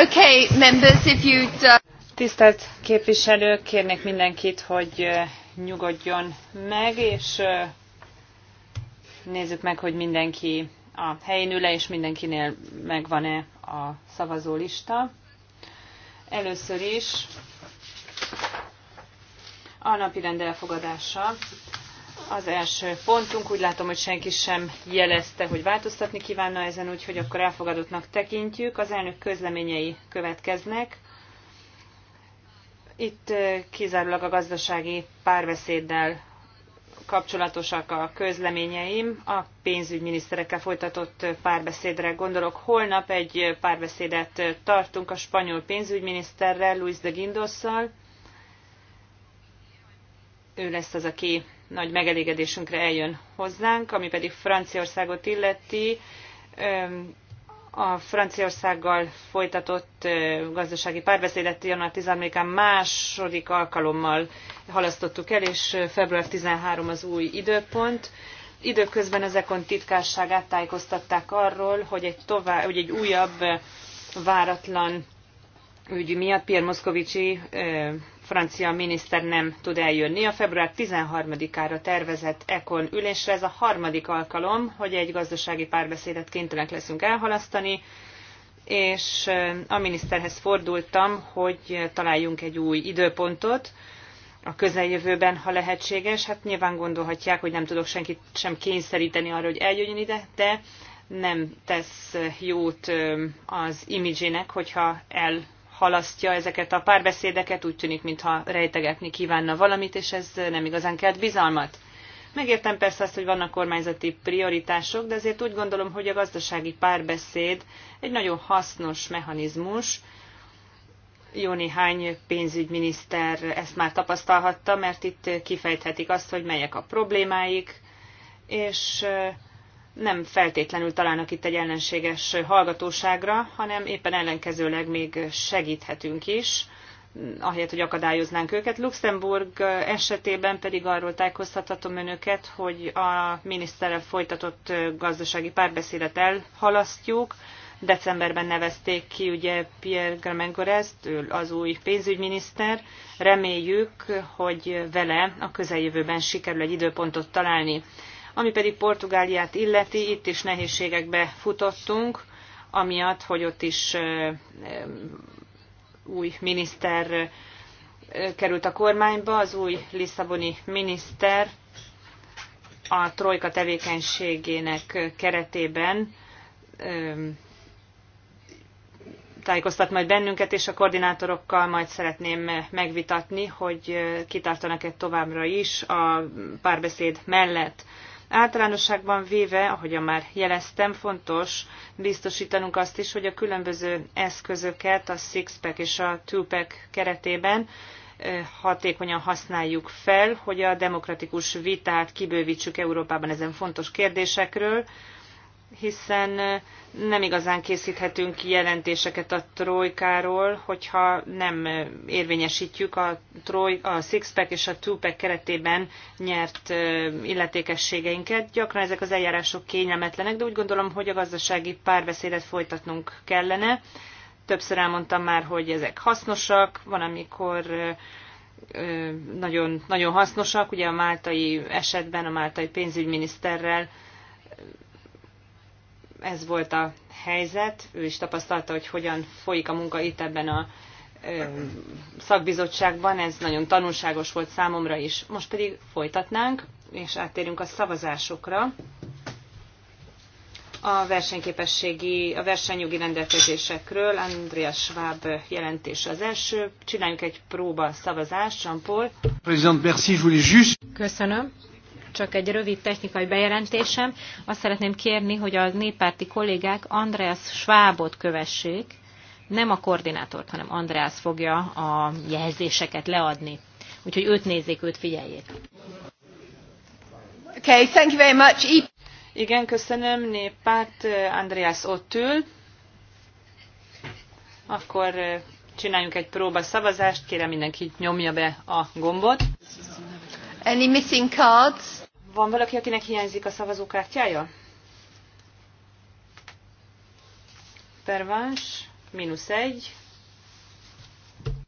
Okay, members, if you'd... Uh, Tisztelt képviselők, kérnék mindenkit, hogy nyugodjon meg, és nézzük meg, hogy mindenki a helyén ül és mindenkinél megvan-e a szavazólista. Először is a napirend elfogadása az első pontunk. Úgy látom, hogy senki sem jelezte, hogy változtatni kívánna ezen, úgyhogy akkor elfogadottnak tekintjük. Az elnök közleményei következnek. Itt kizárólag a gazdasági párbeszéddel kapcsolatosak a közleményeim. A pénzügyminiszterekkel folytatott párbeszédre gondolok. Holnap egy párbeszédet tartunk a spanyol pénzügyminiszterrel, Luis de Guindosszal. Ő lesz az, aki nagy megelégedésünkre eljön hozzánk, ami pedig Franciaországot illeti. A Franciaországgal folytatott gazdasági párbeszédet január 13-án második alkalommal halasztottuk el, és február 13 az új időpont. Időközben az Ekon titkárságát tájékoztatták arról, hogy egy, tovább, hogy egy újabb váratlan ügy miatt Pierre Moszkovicsi francia miniszter nem tud eljönni. A február 13-ára tervezett ECON ülésre ez a harmadik alkalom, hogy egy gazdasági párbeszédet kénytelenek leszünk elhalasztani, és a miniszterhez fordultam, hogy találjunk egy új időpontot, a közeljövőben, ha lehetséges. Hát nyilván gondolhatják, hogy nem tudok senkit sem kényszeríteni arra, hogy eljöjjön ide, de nem tesz jót az imidzsének, hogyha el Halasztja ezeket a párbeszédeket, úgy tűnik, mintha rejtegetni kívánna valamit, és ez nem igazán kelt bizalmat. Megértem persze azt, hogy vannak kormányzati prioritások, de azért úgy gondolom, hogy a gazdasági párbeszéd egy nagyon hasznos mechanizmus. Jó néhány pénzügyminiszter ezt már tapasztalhatta, mert itt kifejthetik azt, hogy melyek a problémáik, és nem feltétlenül találnak itt egy ellenséges hallgatóságra, hanem éppen ellenkezőleg még segíthetünk is, ahelyett, hogy akadályoznánk őket. Luxemburg esetében pedig arról tájékoztathatom önöket, hogy a miniszterrel folytatott gazdasági párbeszédet elhalasztjuk. Decemberben nevezték ki ugye Pierre Gramengorez, az új pénzügyminiszter. Reméljük, hogy vele a közeljövőben sikerül egy időpontot találni. Ami pedig Portugáliát illeti, itt is nehézségekbe futottunk, amiatt, hogy ott is új miniszter került a kormányba, az új Lisszaboni miniszter a trojka tevékenységének keretében tájékoztat majd bennünket, és a koordinátorokkal majd szeretném megvitatni, hogy kitartanak-e továbbra is a párbeszéd mellett. Általánosságban véve, ahogyan már jeleztem, fontos biztosítanunk azt is, hogy a különböző eszközöket a Sixpack és a Twopack keretében hatékonyan használjuk fel, hogy a demokratikus vitát kibővítsük Európában ezen fontos kérdésekről, hiszen nem igazán készíthetünk jelentéseket a trojkáról, hogyha nem érvényesítjük a, troj, a six-pack és a two-pack keretében nyert illetékességeinket. Gyakran ezek az eljárások kényelmetlenek, de úgy gondolom, hogy a gazdasági párbeszédet folytatnunk kellene. Többször elmondtam már, hogy ezek hasznosak, van amikor nagyon, nagyon hasznosak, ugye a máltai esetben a máltai pénzügyminiszterrel ez volt a helyzet, ő is tapasztalta, hogy hogyan folyik a munka itt ebben a szakbizottságban, ez nagyon tanulságos volt számomra is. Most pedig folytatnánk, és áttérünk a szavazásokra. A versenyképességi, a versenyjogi rendelkezésekről Andrea Schwab jelentése az első. Csináljunk egy próba szavazást, Jean-Paul. Köszönöm csak egy rövid technikai bejelentésem. Azt szeretném kérni, hogy a néppárti kollégák Andreas Schwabot kövessék, nem a koordinátort, hanem Andreas fogja a jelzéseket leadni. Úgyhogy őt nézzék, őt figyeljék. Okay, thank you very much. E- Igen, köszönöm. Néppárt Andreas ott ül. Akkor eh, csináljunk egy próba szavazást. Kérem mindenki nyomja be a gombot. Any missing cards? Van valaki, akinek hiányzik a szavazókártyája? Pervans, mínusz egy.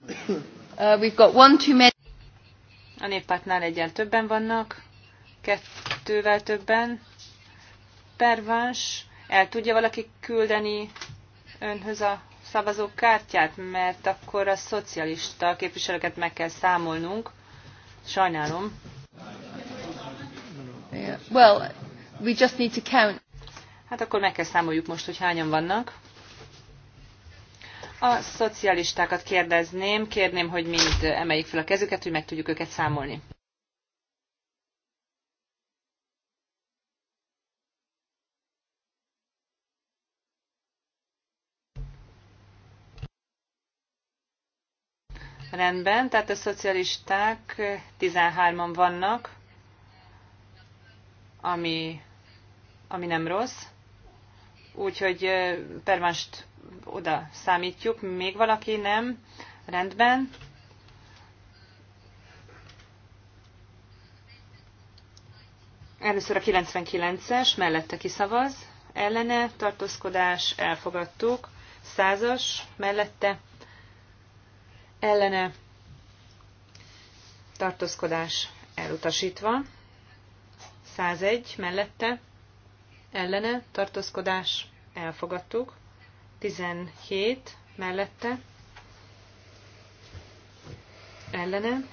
Uh, we've got one too many. A néppártnál egyen többen vannak, kettővel többen. Pervans, el tudja valaki küldeni önhöz a szavazókártyát, mert akkor a szocialista képviselőket meg kell számolnunk. Sajnálom. Yeah. Well, we just need to count. Hát akkor meg kell számoljuk most, hogy hányan vannak. A szocialistákat kérdezném, kérném, hogy mind emeljék fel a kezüket, hogy meg tudjuk őket számolni. Rendben, tehát a szocialisták 13-an vannak ami, ami nem rossz. Úgyhogy Permást oda számítjuk. Még valaki nem? Rendben. Először a 99-es, mellette kiszavaz, ellene, tartózkodás, elfogadtuk, 100-as, mellette, ellene, tartózkodás, elutasítva, 101 mellette, ellene, tartózkodás, elfogadtuk. 17 mellette, ellene,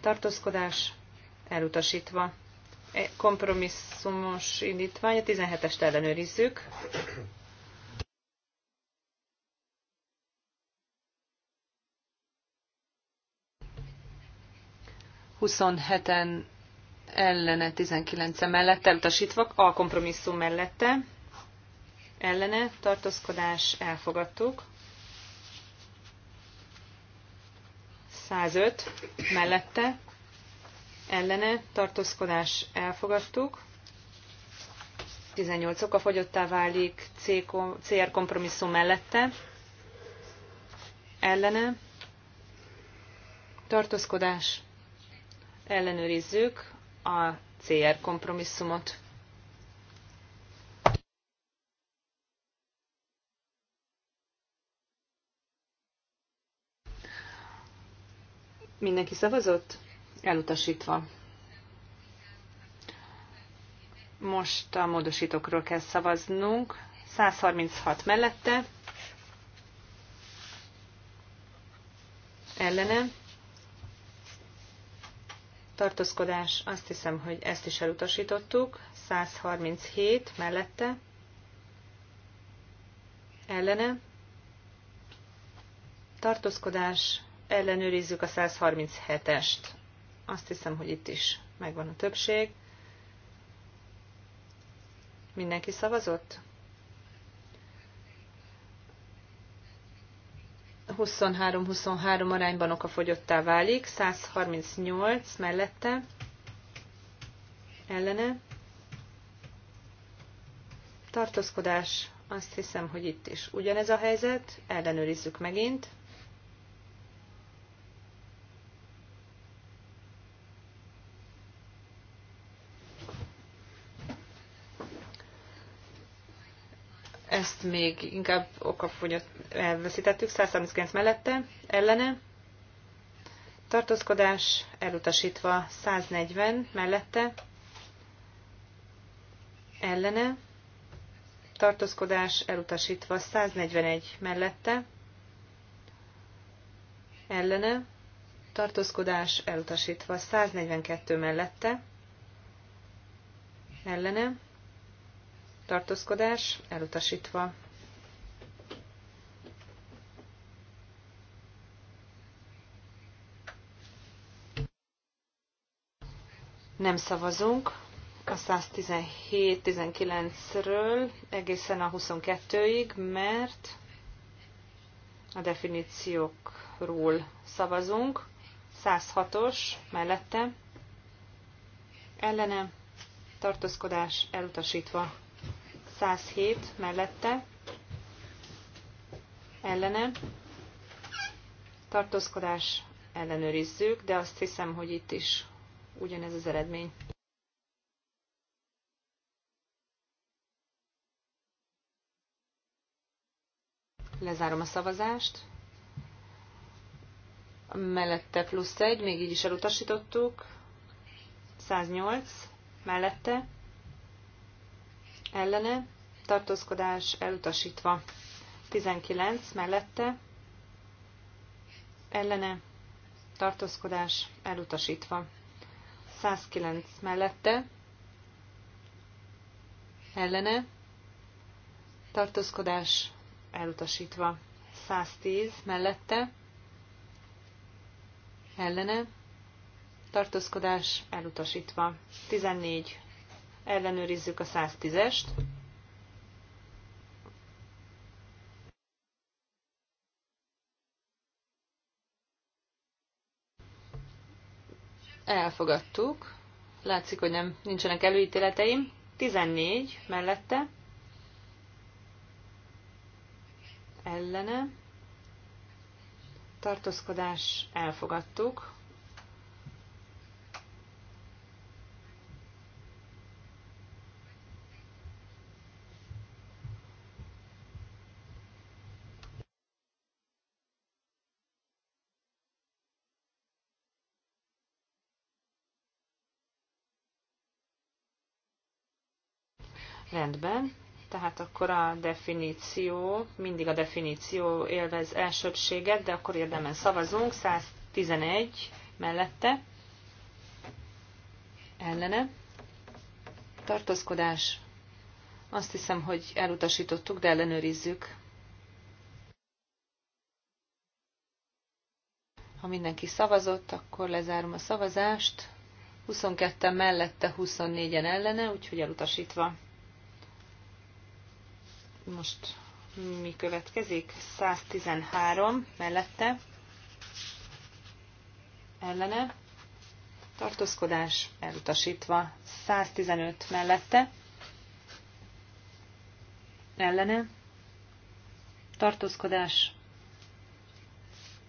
tartózkodás, elutasítva. E Kompromisszumos indítvány, a 17-est ellenőrizzük. Huszonheten ellene 19 mellette, elutasítva, a kompromisszum mellette, ellene tartózkodás elfogadtuk. 105 mellette, ellene tartózkodás elfogadtuk. 18 oka fogyottá válik CR kompromisszum mellette, ellene tartózkodás ellenőrizzük a CR kompromisszumot. Mindenki szavazott? Elutasítva. Most a módosítókról kell szavaznunk. 136 mellette. Ellene tartózkodás, azt hiszem, hogy ezt is elutasítottuk, 137 mellette, ellene, tartózkodás, ellenőrizzük a 137-est. Azt hiszem, hogy itt is megvan a többség. Mindenki szavazott? 23-23 arányban okafogyottá válik, 138 mellette, ellene. Tartózkodás, azt hiszem, hogy itt is ugyanez a helyzet, ellenőrizzük megint. ezt még inkább okafogyott elveszítettük, 139 mellette, ellene, tartózkodás elutasítva 140 mellette, ellene, tartózkodás elutasítva 141 mellette, ellene, tartózkodás elutasítva 142 mellette, ellene, tartózkodás elutasítva. Nem szavazunk a 117-19-ről egészen a 22-ig, mert a definíciókról szavazunk. 106-os mellette ellene tartózkodás elutasítva. 107 mellette, ellene, tartózkodás ellenőrizzük, de azt hiszem, hogy itt is ugyanez az eredmény. Lezárom a szavazást. Mellette plusz egy, még így is elutasítottuk. 108 mellette ellene, tartózkodás elutasítva. 19 mellette, ellene, tartózkodás elutasítva. 109 mellette, ellene, tartózkodás elutasítva. 110 mellette, ellene, tartózkodás elutasítva. 14 ellenőrizzük a 110-est. Elfogadtuk. Látszik, hogy nem nincsenek előítéleteim. 14 mellette. Ellene. Tartózkodás elfogadtuk. Rendben. Tehát akkor a definíció, mindig a definíció élvez elsőbséget, de akkor érdemben szavazunk. 111 mellette. Ellene. Tartózkodás. Azt hiszem, hogy elutasítottuk, de ellenőrizzük. Ha mindenki szavazott, akkor lezárom a szavazást. 22-en mellette, 24-en ellene, úgyhogy elutasítva. Most mi következik? 113 mellette. Ellene. Tartózkodás elutasítva. 115 mellette. Ellene. Tartózkodás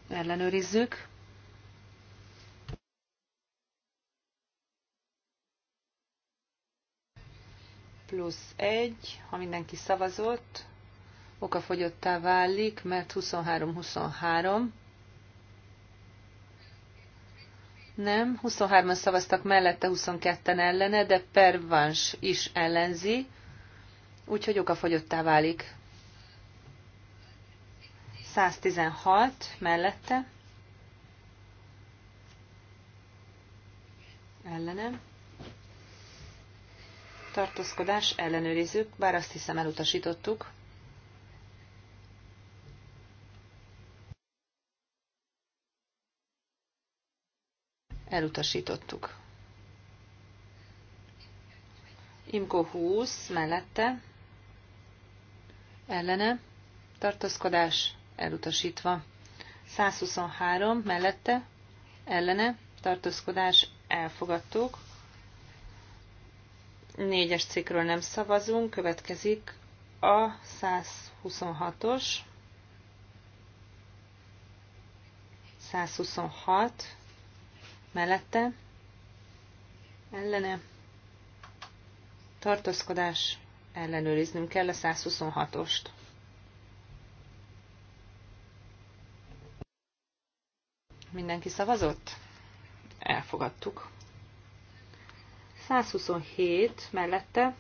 ellenőrizzük. plusz 1, ha mindenki szavazott, okafogyottá válik, mert 23-23. Nem, 23-an szavaztak mellette, 22-en ellene, de Pervans is ellenzi, úgyhogy okafogyottá válik. 116 mellette. Ellenem tartózkodás ellenőrizzük, bár azt hiszem elutasítottuk. Elutasítottuk. Imko 20 mellette, ellene, tartózkodás elutasítva. 123 mellette, ellene, tartózkodás elfogadtuk négyes cikkről nem szavazunk, következik a 126-os, 126 mellette, ellene, tartózkodás, ellenőriznünk kell a 126-ost. Mindenki szavazott? Elfogadtuk. 127 mellette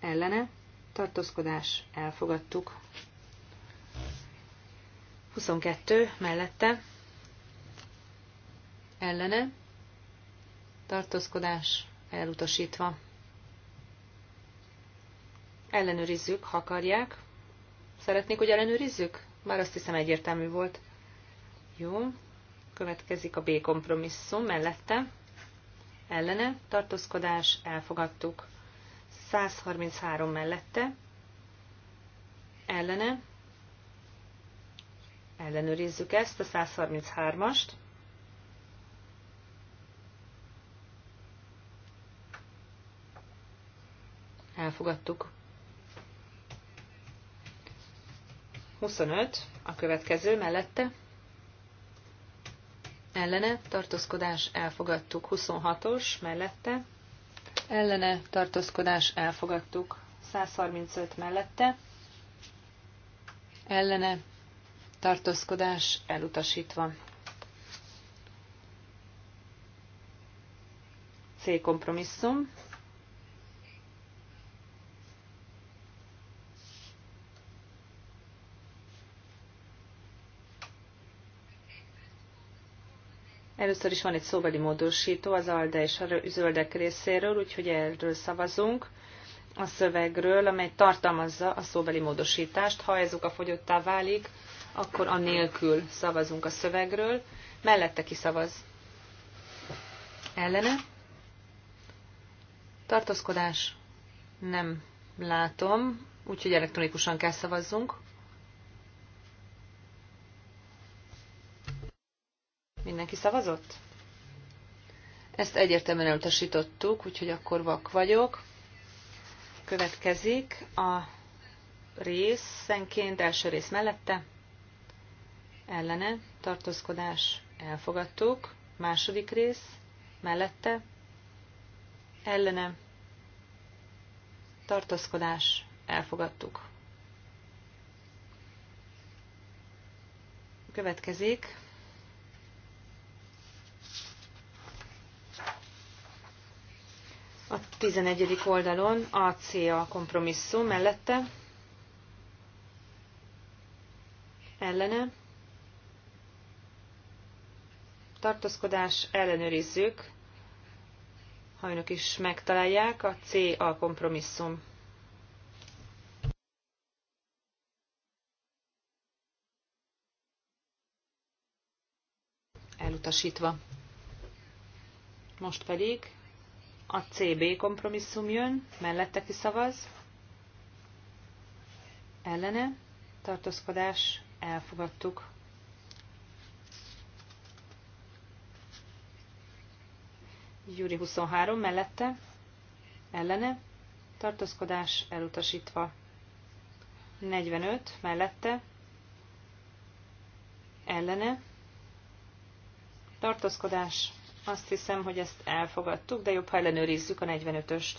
ellene tartózkodás elfogadtuk. 22 mellette ellene tartózkodás elutasítva. Ellenőrizzük, ha akarják. Szeretnék, hogy ellenőrizzük? Már azt hiszem egyértelmű volt. Jó, Következik a B kompromisszum mellette. Ellene tartózkodás elfogadtuk. 133 mellette. Ellene. Ellenőrizzük ezt, a 133-ast. Elfogadtuk. 25, a következő mellette ellene tartózkodás elfogadtuk. 26-os mellette ellene tartózkodás elfogadtuk. 135 mellette ellene tartózkodás elutasítva. C kompromisszum Először is van egy szóbeli módosító az ALDE és a zöldek részéről, úgyhogy erről szavazunk a szövegről, amely tartalmazza a szóbeli módosítást. Ha ezok a fogyottá válik, akkor a nélkül szavazunk a szövegről. Mellette ki szavaz? Ellene? Tartózkodás? Nem látom, úgyhogy elektronikusan kell szavazzunk. Mindenki szavazott? Ezt egyértelműen elutasítottuk, úgyhogy akkor vak vagyok. Következik a részenként, első rész mellette, ellene, tartózkodás, elfogadtuk, második rész, mellette, ellene, tartózkodás, elfogadtuk. Következik A 11. oldalon a C a kompromisszum mellette. Ellene. Tartózkodás ellenőrizzük. Ha önök is megtalálják, a C a kompromisszum. Elutasítva. Most pedig a CB kompromisszum jön, mellette kiszavaz, ellene, tartózkodás, elfogadtuk. Júri 23 mellette, ellene, tartózkodás elutasítva. 45 mellette, ellene, tartózkodás azt hiszem, hogy ezt elfogadtuk, de jobb, ha ellenőrizzük a 45-öst.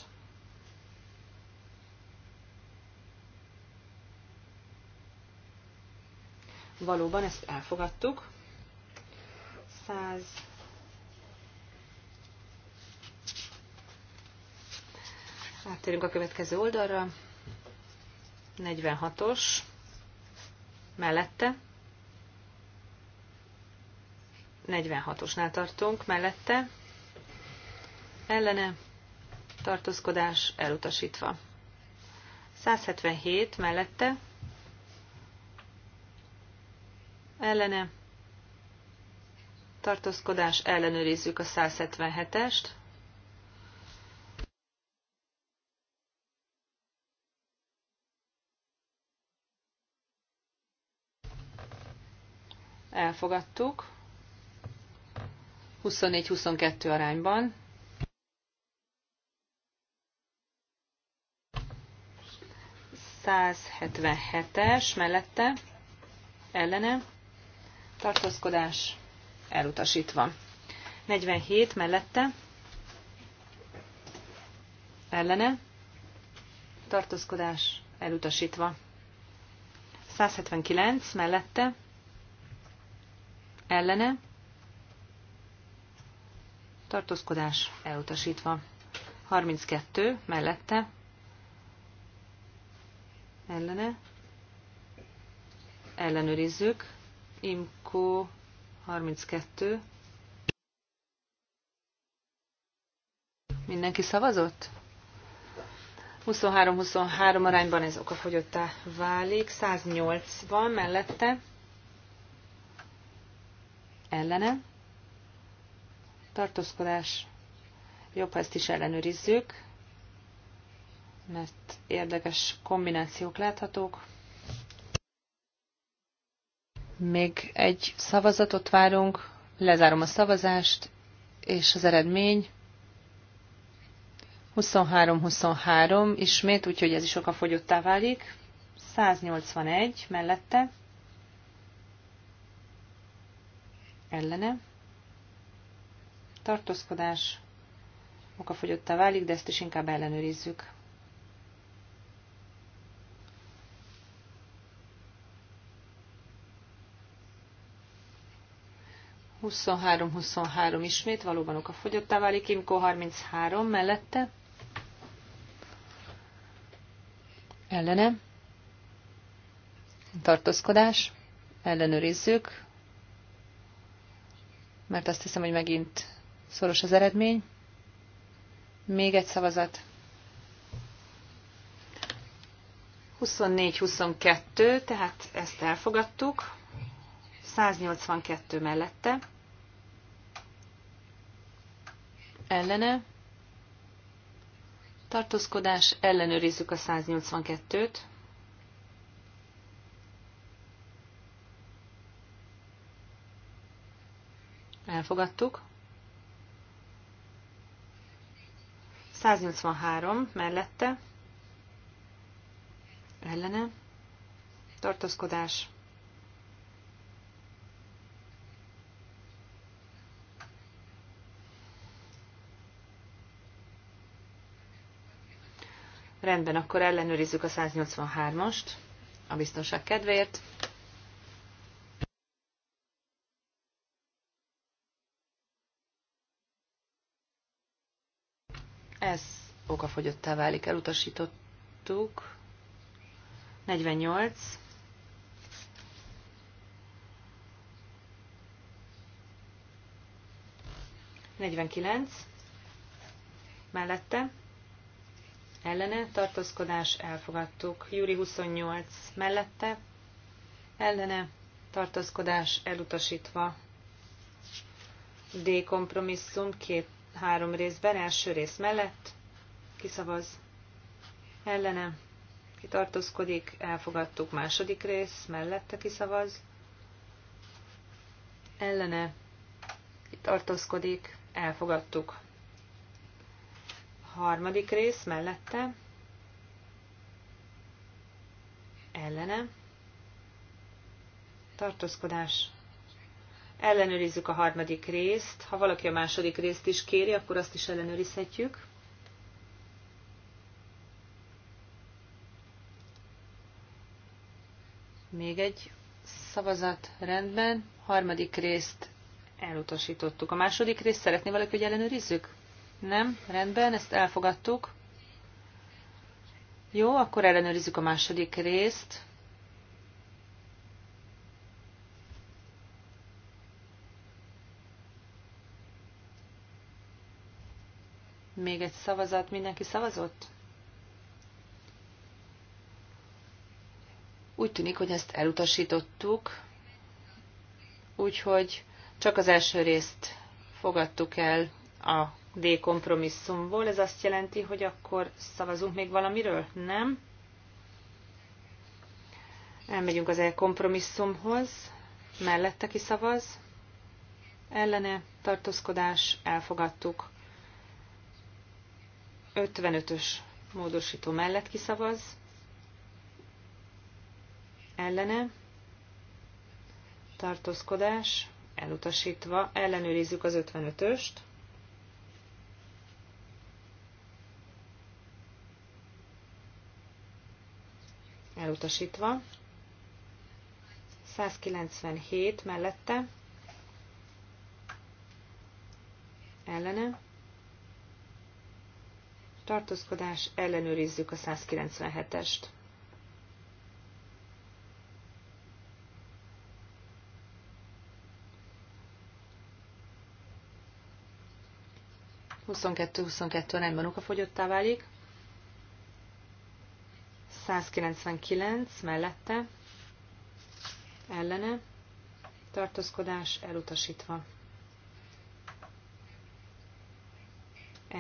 Valóban ezt elfogadtuk. 100. Áttérünk a következő oldalra. 46-os mellette 46-osnál tartunk, mellette ellene tartózkodás elutasítva. 177 mellette ellene tartózkodás ellenőrizzük a 177-est. Elfogadtuk. 24-22 arányban. es mellette ellene tartózkodás elutasítva. 47 mellette ellene tartózkodás elutasítva. 179 mellette ellene tartózkodás elutasítva. 32 mellette, ellene, ellenőrizzük, Imko 32. Mindenki szavazott? 23-23 arányban ez okafogyottá válik, 108 van mellette, ellene, tartózkodás, jobb, ha ezt is ellenőrizzük, mert érdekes kombinációk láthatók. Még egy szavazatot várunk, lezárom a szavazást, és az eredmény 23-23 ismét, úgyhogy ez is fogyottá válik. 181 mellette, ellene, tartózkodás okafogyottá válik, de ezt is inkább ellenőrizzük. Huszonhárom, huszonhárom ismét, valóban okafogyottá válik, Imko 33 mellette. Ellene. Tartózkodás. Ellenőrizzük. Mert azt hiszem, hogy megint Szoros az eredmény. Még egy szavazat. 24-22, tehát ezt elfogadtuk. 182 mellette. Ellene. Tartózkodás, ellenőrizzük a 182-t. Elfogadtuk. 183 mellette ellene tartózkodás. Rendben, akkor ellenőrizzük a 183-ast a biztonság kedvéért. okafogyottá válik. Elutasítottuk. 48. Negyvenkilenc. Mellette. Ellene. Tartózkodás. Elfogadtuk. Júri 28. Mellette. Ellene. Tartózkodás. Elutasítva. D kompromisszum. Két három részben, első rész mellett, szavaz? ellene, tartózkodik? elfogadtuk második rész, mellette szavaz? ellene, tartózkodik? elfogadtuk. Harmadik rész, mellette, ellene, tartózkodás, ellenőrizzük a harmadik részt. Ha valaki a második részt is kéri, akkor azt is ellenőrizhetjük. Még egy szavazat rendben. Harmadik részt elutasítottuk. A második részt szeretné valaki, hogy ellenőrizzük? Nem? Rendben, ezt elfogadtuk. Jó, akkor ellenőrizzük a második részt. Még egy szavazat. Mindenki szavazott? Úgy tűnik, hogy ezt elutasítottuk, úgyhogy csak az első részt fogadtuk el a D kompromisszumból. Ez azt jelenti, hogy akkor szavazunk még valamiről? Nem? Elmegyünk az E kompromisszumhoz. Mellette ki szavaz? Ellene tartózkodás, elfogadtuk. 55-ös módosító mellett kiszavaz, ellene, tartózkodás, elutasítva, ellenőrizzük az 55-öst. Elutasítva. 197 mellette. Ellene. Tartózkodás, ellenőrizzük a 197-est. 22-22 arányban okafogyottá válik. 199 mellette, ellene, tartózkodás elutasítva.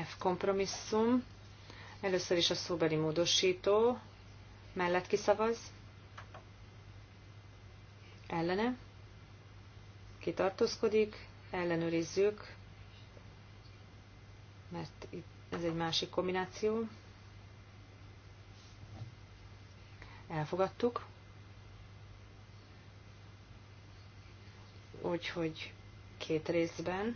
F kompromisszum. Először is a szóbeli módosító mellett kiszavaz, ellene, kitartózkodik, ellenőrizzük, mert itt ez egy másik kombináció. Elfogadtuk. Úgyhogy két részben.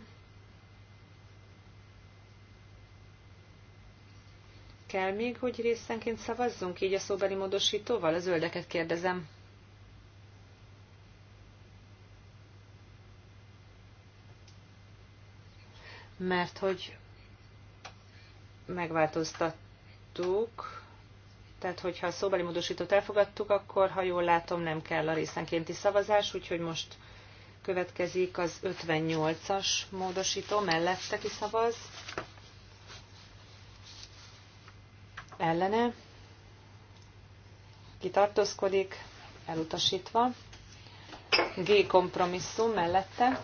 Kell még, hogy részenként szavazzunk így a szóbeli módosítóval? A zöldeket kérdezem. Mert hogy megváltoztattuk, tehát hogyha a szóbeli módosítót elfogadtuk, akkor ha jól látom, nem kell a részenkénti szavazás, úgyhogy most következik az 58-as módosító, mellette kiszavaz, ellene, kitartózkodik, elutasítva, G kompromisszum mellette,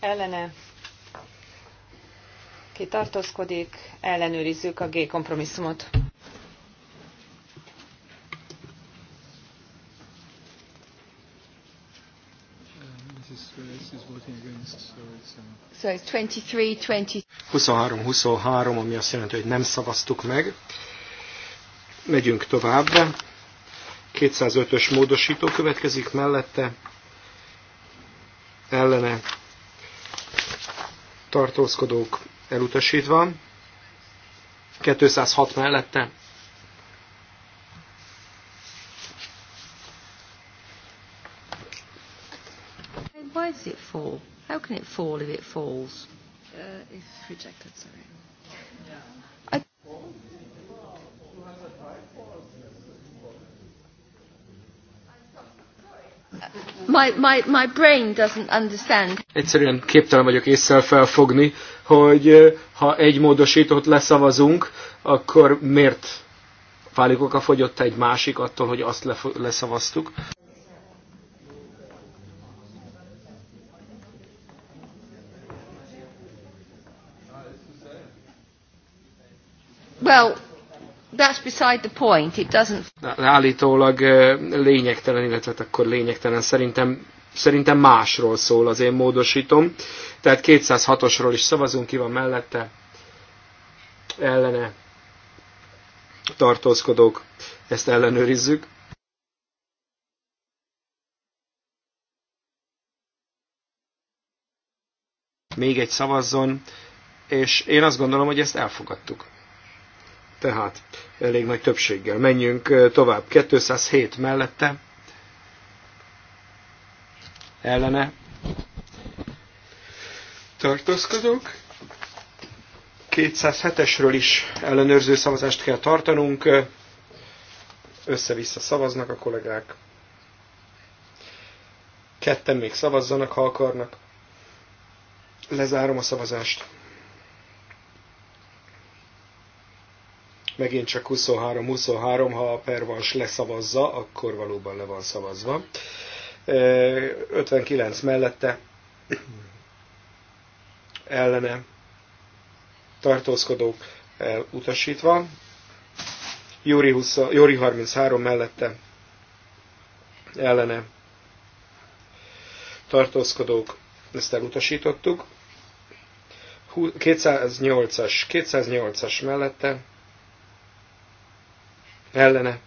ellene ki tartózkodik, ellenőrizzük a G kompromisszumot. Uh, so it's 23-23, um, ami azt jelenti, hogy nem szavaztuk meg. Megyünk tovább. 205-ös módosító következik mellette. Ellene tartózkodók elutasítva, 206 mellette Why does it fall? How can it fall if it falls? Uh, rejected, sorry. Yeah. I my, my, my brain doesn't understand. Egyszerűen képtelen vagyok észre felfogni, hogy ha egy módosítót leszavazunk, akkor miért válik a fogyott egy másik attól, hogy azt leszavaztuk? Well, that's beside the point. It doesn't... Állítólag lényegtelen, illetve hát akkor lényegtelen szerintem szerintem másról szól az én módosítom. Tehát 206-osról is szavazunk, ki van mellette, ellene tartózkodók, ezt ellenőrizzük. Még egy szavazzon, és én azt gondolom, hogy ezt elfogadtuk tehát elég nagy többséggel. Menjünk tovább. 207 mellette, ellene tartózkodunk. 207-esről is ellenőrző szavazást kell tartanunk. Össze-vissza szavaznak a kollégák. Ketten még szavazzanak, ha akarnak. Lezárom a szavazást. megint csak 23-23, ha a pervans leszavazza, akkor valóban le van szavazva. 59 mellette ellene tartózkodók elutasítva. Júri, 20, Júri 33 mellette ellene tartózkodók, ezt elutasítottuk. 208-as, 208-as mellette ellene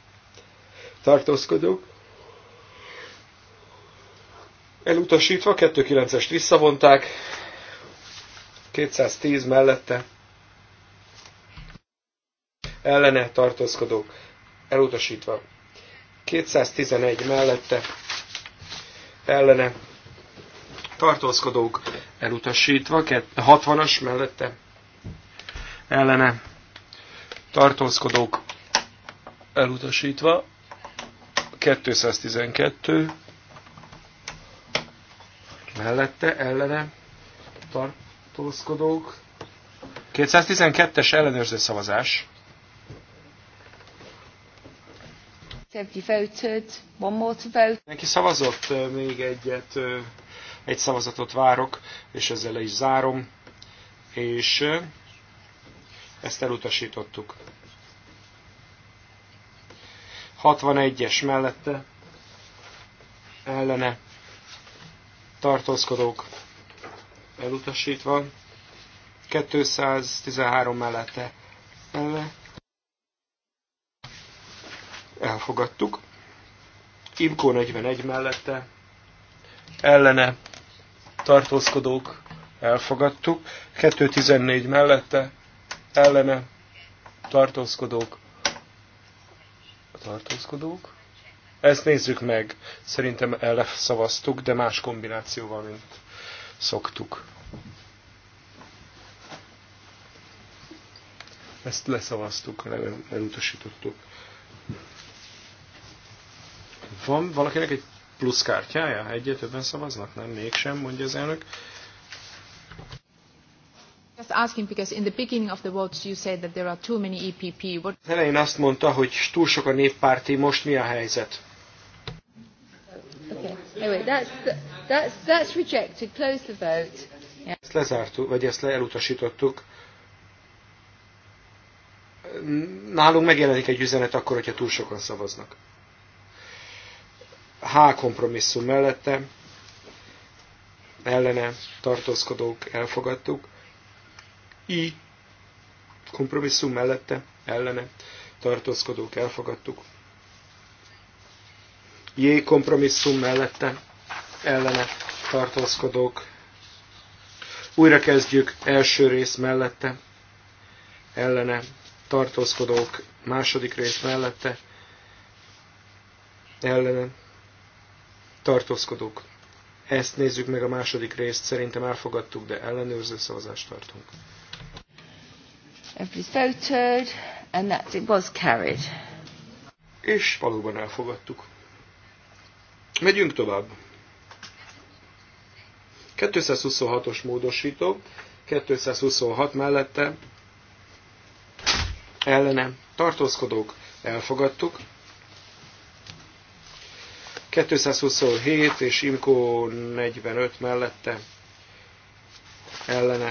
tartózkodók. Elutasítva 2.9-est visszavonták, 210 mellette ellene tartózkodók elutasítva. 211 mellette ellene tartózkodók elutasítva, 60-as mellette ellene tartózkodók elutasítva, 212 mellette ellene tartózkodók, 212-es ellenőrző szavazás. Neki szavazott még egyet, egy szavazatot várok, és ezzel le is zárom, és ezt elutasítottuk. 61-es mellette ellene tartózkodók elutasítva, 213 mellette ellene elfogadtuk, Imkó 41 mellette ellene tartózkodók elfogadtuk, 214 mellette ellene tartózkodók tartózkodók. Ezt nézzük meg. Szerintem elef szavaztuk, de más kombinációval, mint szoktuk. Ezt leszavaztuk, elutasítottuk. Van valakinek egy plusz kártyája? Egyet többen szavaznak? Nem, mégsem, mondja az elnök just asking because in the beginning of the votes you said that there are too many EPP. What... Elején azt mondta, hogy túl sok a néppárti, most mi a helyzet? Okay. Anyway, that's, that's, that's rejected. Close the vote. Yeah. Ezt lezártuk, vagy ezt elutasítottuk. Nálunk megjelenik egy üzenet akkor, hogyha túl sokan szavaznak. H kompromisszum mellette ellene tartózkodók elfogadtuk. I kompromisszum mellette, ellene tartózkodók elfogadtuk. J kompromisszum mellette, ellene tartózkodók. Újra kezdjük első rész mellette, ellene tartózkodók második rész mellette, ellene tartózkodók. Ezt nézzük meg a második részt, szerintem elfogadtuk, de ellenőrző szavazást tartunk. Everybody's voted, and that it was carried. És valóban elfogadtuk. Megyünk tovább. 226-os módosító, 226 mellette ellene tartózkodók elfogadtuk. 227 és Imko 45 mellette ellene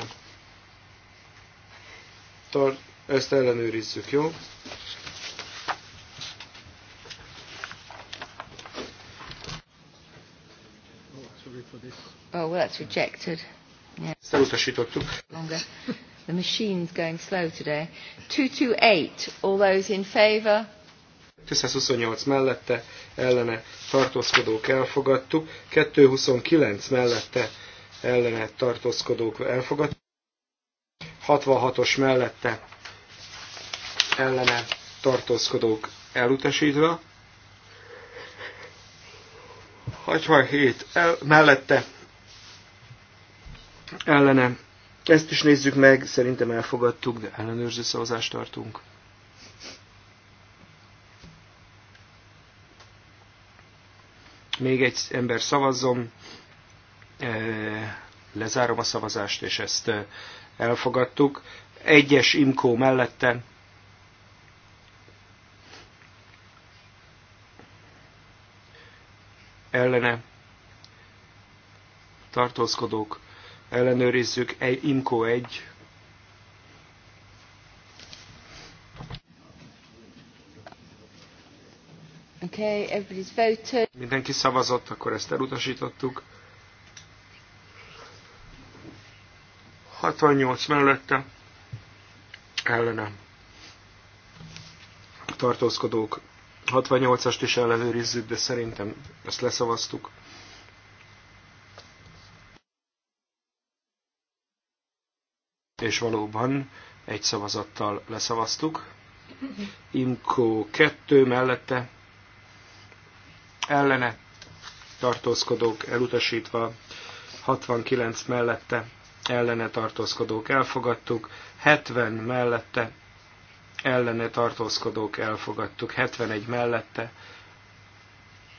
tart, ezt ellenőrizzük, jó? Oh, well, that's rejected. Yeah. elutasítottuk. Longer. The machine's going slow today. 228, all those in favour? 228 mellette, ellene tartózkodók elfogadtuk. 229 mellette, ellene tartózkodók elfogadtuk. 66-os mellette ellene tartózkodók elutasítva, 67 el, mellette ellene. Ezt is nézzük meg, szerintem elfogadtuk, de ellenőrző szavazást tartunk. Még egy ember szavazzon, lezárom a szavazást, és ezt elfogadtuk. Egyes imkó mellette ellene tartózkodók ellenőrizzük, egy, imkó egy. Okay, everybody's voted. Mindenki szavazott, akkor ezt elutasítottuk. 68 mellette ellene tartózkodók. 68-ast is ellenőrizzük, de szerintem ezt leszavaztuk. És valóban egy szavazattal leszavaztuk. Imko 2 mellette ellene tartózkodók elutasítva, 69 mellette ellene tartózkodók elfogadtuk, 70 mellette ellene tartózkodók elfogadtuk, 71 mellette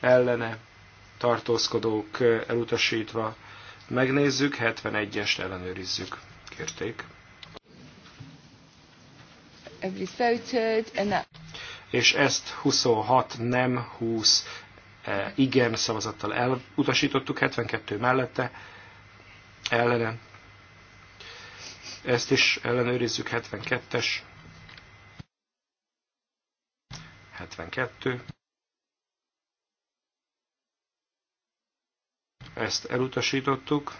ellene tartózkodók elutasítva. Megnézzük, 71-est ellenőrizzük. Kérték. És ezt 26 nem, 20 e, igen szavazattal elutasítottuk, 72 mellette ellene ezt is ellenőrizzük, 72-es. 72. Ezt elutasítottuk.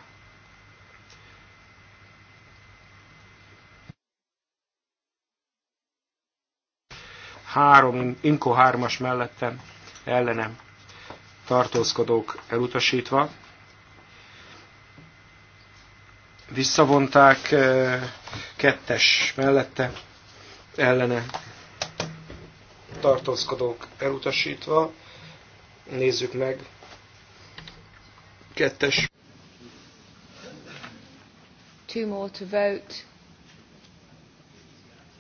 Három, Inko 3-as mellettem ellenem tartózkodók elutasítva visszavonták, kettes mellette, ellene tartózkodók elutasítva. Nézzük meg. Kettes. Two more to vote.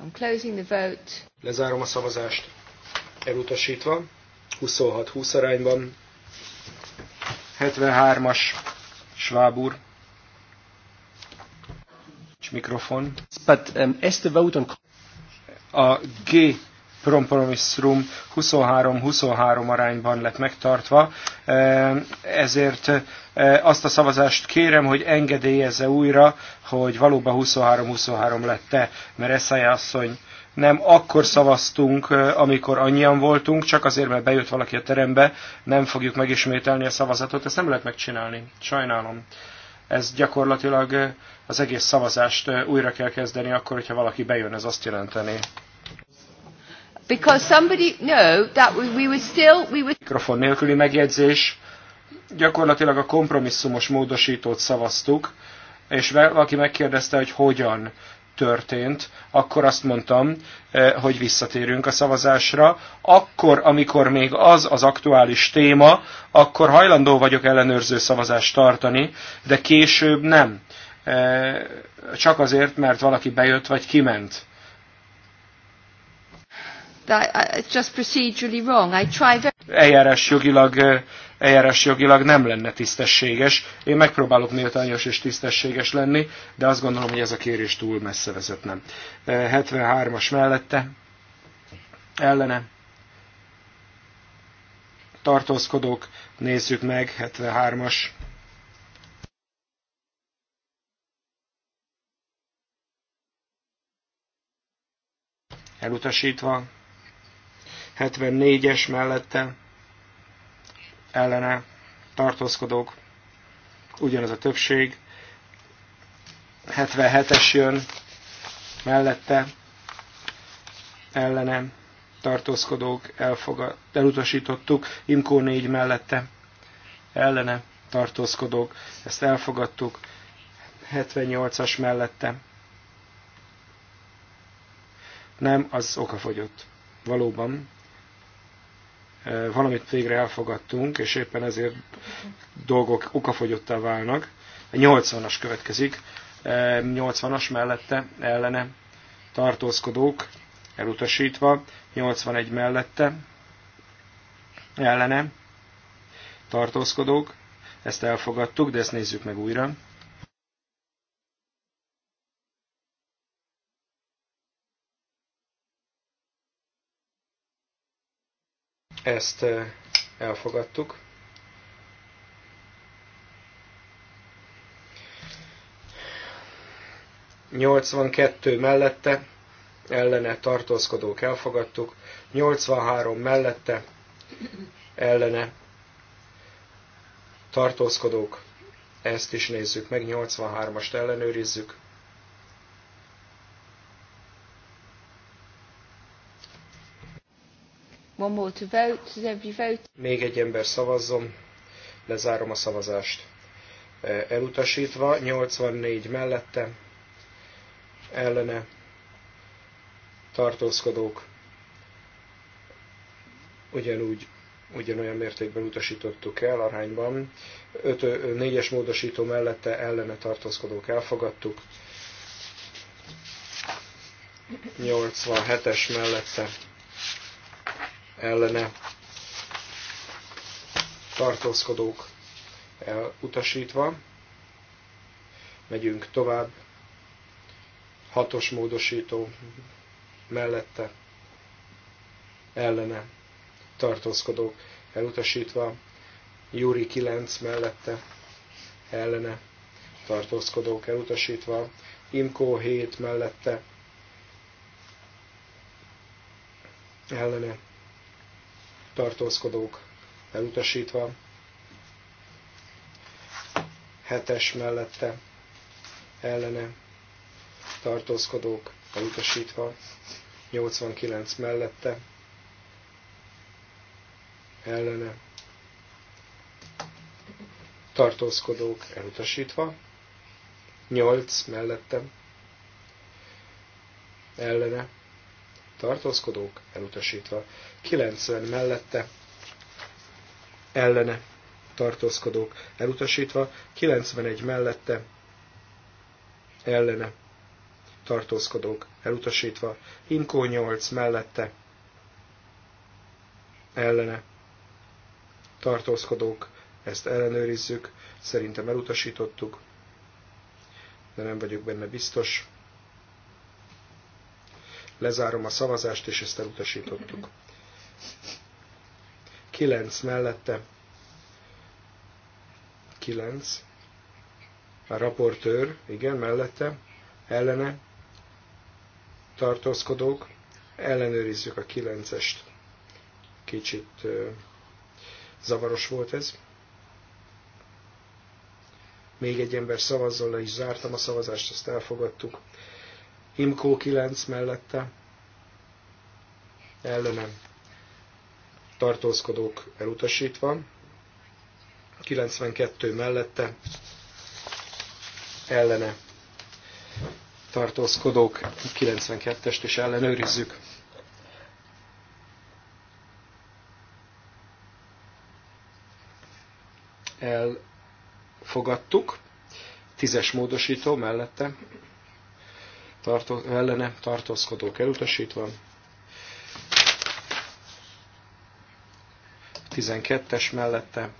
I'm closing the vote. Lezárom a szavazást. Elutasítva. 26-20 arányban. 73-as Schwab úr. Nincs mikrofon. But, um, ezt a vote A G kompromisszum 23-23 arányban lett megtartva, um, ezért uh, azt a szavazást kérem, hogy engedélyezze újra, hogy valóban 23-23 lett-e, mert Eszály asszony nem akkor szavaztunk, uh, amikor annyian voltunk, csak azért, mert bejött valaki a terembe, nem fogjuk megismételni a szavazatot, ezt nem lehet megcsinálni, sajnálom ez gyakorlatilag az egész szavazást újra kell kezdeni, akkor, hogyha valaki bejön, ez azt jelenteni. Because somebody, no, that we, we were still, we were... Mikrofon nélküli megjegyzés. Gyakorlatilag a kompromisszumos módosítót szavaztuk, és valaki megkérdezte, hogy hogyan történt, akkor azt mondtam, eh, hogy visszatérünk a szavazásra. Akkor, amikor még az az aktuális téma, akkor hajlandó vagyok ellenőrző szavazást tartani, de később nem. Eh, csak azért, mert valaki bejött vagy kiment. Uh, it's just procedurally wrong. I try very... Eljárás jogilag uh, eljárás jogilag nem lenne tisztességes. Én megpróbálok méltányos és tisztességes lenni, de azt gondolom, hogy ez a kérés túl messze vezetne. 73-as uh, mellette, ellene, tartózkodók, nézzük meg, 73-as. Elutasítva. 74-es mellette ellene tartózkodók, ugyanaz a többség, 77-es jön mellette ellenem tartózkodók elfogad, elutasítottuk, Imkó 4 mellette ellene tartózkodók, ezt elfogadtuk, 78-as mellette. Nem, az okafogyott. Valóban valamit végre elfogadtunk, és éppen ezért dolgok okafogyottá válnak. A 80-as következik, 80-as mellette ellene tartózkodók elutasítva, 81 mellette ellene tartózkodók, ezt elfogadtuk, de ezt nézzük meg újra. Ezt eh, elfogadtuk. Nyolcvankettő mellette ellene tartózkodók elfogadtuk, 83 mellette ellene tartózkodók, ezt is nézzük meg, 83-ast ellenőrizzük. one more to vote. does everybody vote... Még egy ember szavazzon. Lezárom a szavazást. E, elutasítva, 84 mellette, ellene, tartózkodók, ugyanúgy, ugyanolyan mértékben utasítottuk el arányban. 4-es módosító mellette ellene tartózkodók elfogadtuk. 87-es mellette ellene tartózkodók elutasítva. Megyünk tovább. Hatos módosító mellette ellene tartózkodók elutasítva. Júri 9 mellette ellene tartózkodók elutasítva. Imkó 7 mellette ellene tartózkodók elutasítva, hetes mellette ellene tartózkodók elutasítva, 89 mellette ellene tartózkodók elutasítva, 8 mellette ellene tartózkodók elutasítva, 90 mellette ellene tartózkodók elutasítva, 91 mellette ellene tartózkodók elutasítva, Inkó 8 mellette ellene tartózkodók, ezt ellenőrizzük, szerintem elutasítottuk, de nem vagyok benne biztos. Lezárom a szavazást, és ezt elutasítottuk. Kilenc mellette. kilenc A raportőr, igen, mellette. Ellene. Tartózkodók. Ellenőrizzük a kilencest. Kicsit ö, zavaros volt ez még egy ember szavazzon le, és zártam a szavazást, azt elfogadtuk. Imkó 9 mellette ellenem tartózkodók elutasítva, 92 mellette ellene tartózkodók 92-est is ellenőrizzük. Elfogadtuk. Tízes módosító mellette tartó, ellene tartózkodók elutasítva. 12-es mellette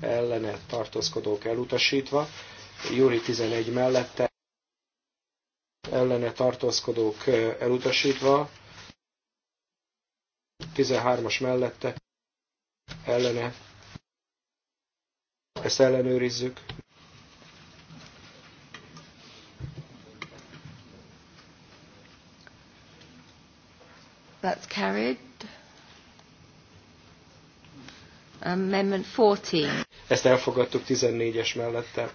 ellene tartózkodók elutasítva. júli 11 mellette ellene tartózkodók elutasítva. 13-as mellette ellene. Ezt ellenőrizzük. That's carried. Amendment 14. Ezt elfogadtuk 14-es mellette.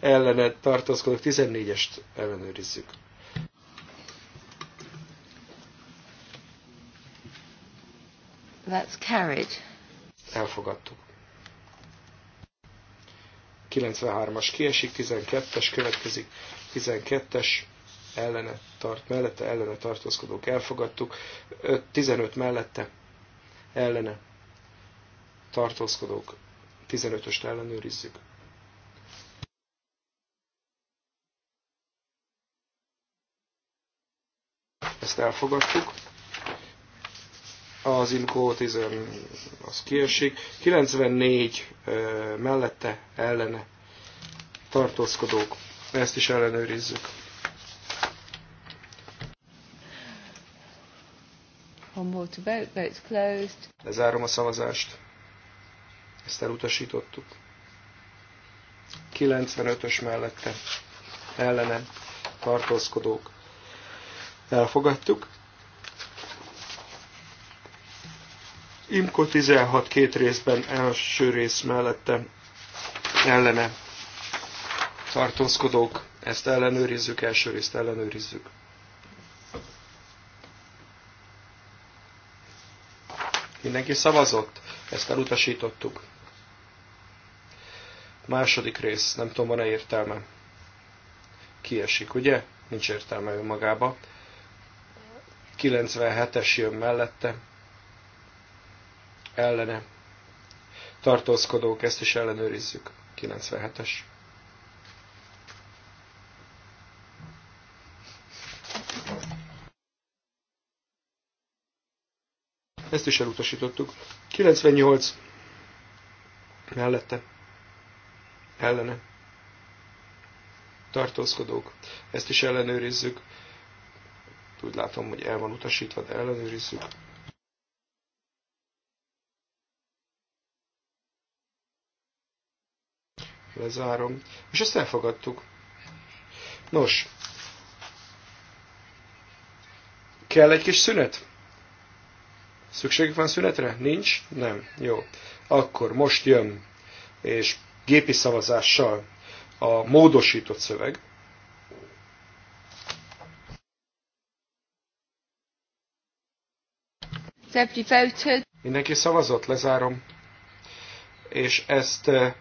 Ellenet Tartozkodok 14-est ellenőrizzük. That's carried. Elfogadtuk. 93-as kiesik, 12-es következik, 12-es ellene tart, mellette ellene tartózkodók elfogadtuk, 5, 15 mellette ellene tartózkodók, 15-öst ellenőrizzük. Ezt elfogadtuk az IMCO 10 az kiesik, 94 mellette ellene tartózkodók, ezt is ellenőrizzük. closed. Lezárom a szavazást. Ezt elutasítottuk. 95-ös mellette ellene tartózkodók. Elfogadtuk. Imko 16 két részben első rész mellette ellene tartózkodók. Ezt ellenőrizzük, első részt ellenőrizzük. Mindenki szavazott? Ezt elutasítottuk. Második rész, nem tudom, van-e értelme. Kiesik, ugye? Nincs értelme önmagába. 97-es jön mellette, ellene tartózkodók, ezt is ellenőrizzük. 97-es. Ezt is elutasítottuk. 98 mellette, ellene, tartózkodók. Ezt is ellenőrizzük. Úgy látom, hogy el van utasítva, de ellenőrizzük. lezárom, és ezt elfogadtuk. Nos, kell egy kis szünet? Szükségük van szünetre? Nincs? Nem. Jó. Akkor most jön, és gépi szavazással a módosított szöveg. Mindenki szavazott, lezárom. És ezt eh,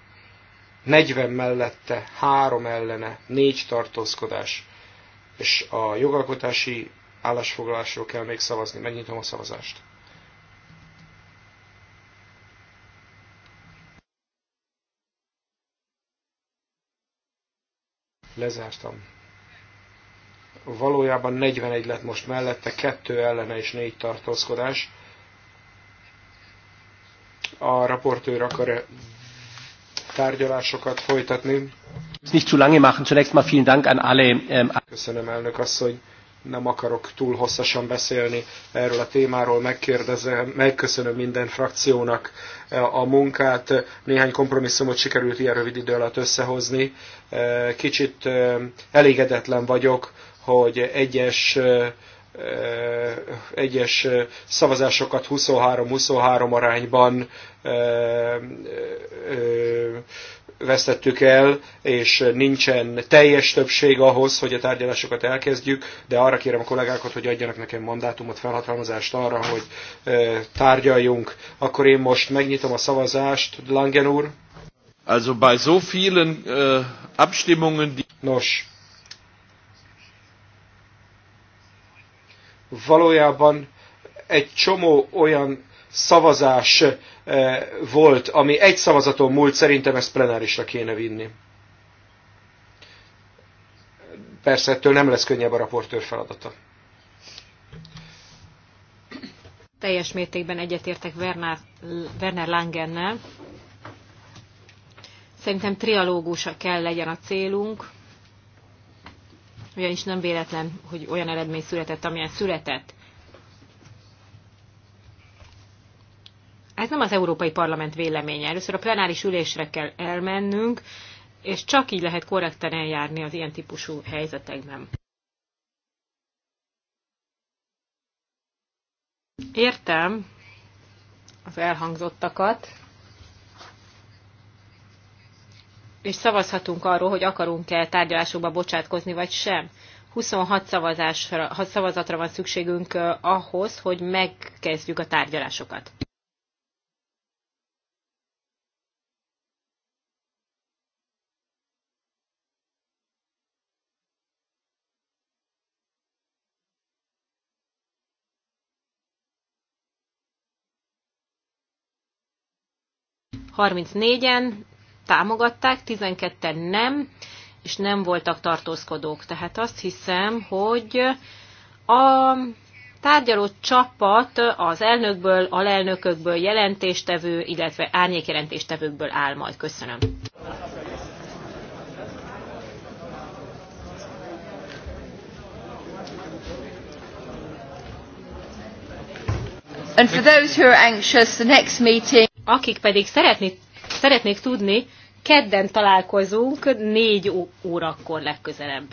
40 mellette, 3 ellene, 4 tartózkodás, és a jogalkotási állásfoglalásról kell még szavazni. Megnyitom a szavazást. Lezártam. Valójában 41 lett most mellette, 2 ellene és 4 tartózkodás. A raportőr akar -e tárgyalásokat folytatni. Nicht zu lange machen. Zunächst mal vielen Dank an alle. Ähm, Köszönöm elnök asszony. Nem akarok túl hosszasan beszélni erről a témáról, megkérdezem, megköszönöm minden frakciónak e, a munkát. Néhány kompromisszumot sikerült ilyen rövid idő alatt összehozni. E, kicsit e, elégedetlen vagyok, hogy egyes egyes szavazásokat 23-23 arányban vesztettük el, és nincsen teljes többség ahhoz, hogy a tárgyalásokat elkezdjük, de arra kérem a kollégákat, hogy adjanak nekem mandátumot, felhatalmazást arra, hogy tárgyaljunk. Akkor én most megnyitom a szavazást, Langen úr. Also bei so vielen Abstimmungen, die... Nos, valójában egy csomó olyan szavazás eh, volt, ami egy szavazaton múlt, szerintem ezt plenárisra kéne vinni. Persze ettől nem lesz könnyebb a raportőr feladata. Teljes mértékben egyetértek Werner, Werner Langennel. Szerintem trialógusa kell legyen a célunk, ugyanis nem véletlen, hogy olyan eredmény született, amilyen született. Ez nem az Európai Parlament véleménye. Először a plenáris ülésre kell elmennünk, és csak így lehet korrekten eljárni az ilyen típusú helyzetekben. Értem az elhangzottakat. és szavazhatunk arról, hogy akarunk-e tárgyalásokba bocsátkozni, vagy sem. 26 szavazásra, szavazatra van szükségünk ahhoz, hogy megkezdjük a tárgyalásokat. Harmincnégyen támogatták, 12-en nem, és nem voltak tartózkodók. Tehát azt hiszem, hogy a tárgyaló csapat az elnökből, alelnökökből, jelentéstevő, illetve árnyékjelentéstevőkből áll majd. Köszönöm. And for those who are anxious, the next meeting... Akik pedig szeretnék szeretnék tudni, kedden találkozunk, négy órakor legközelebb.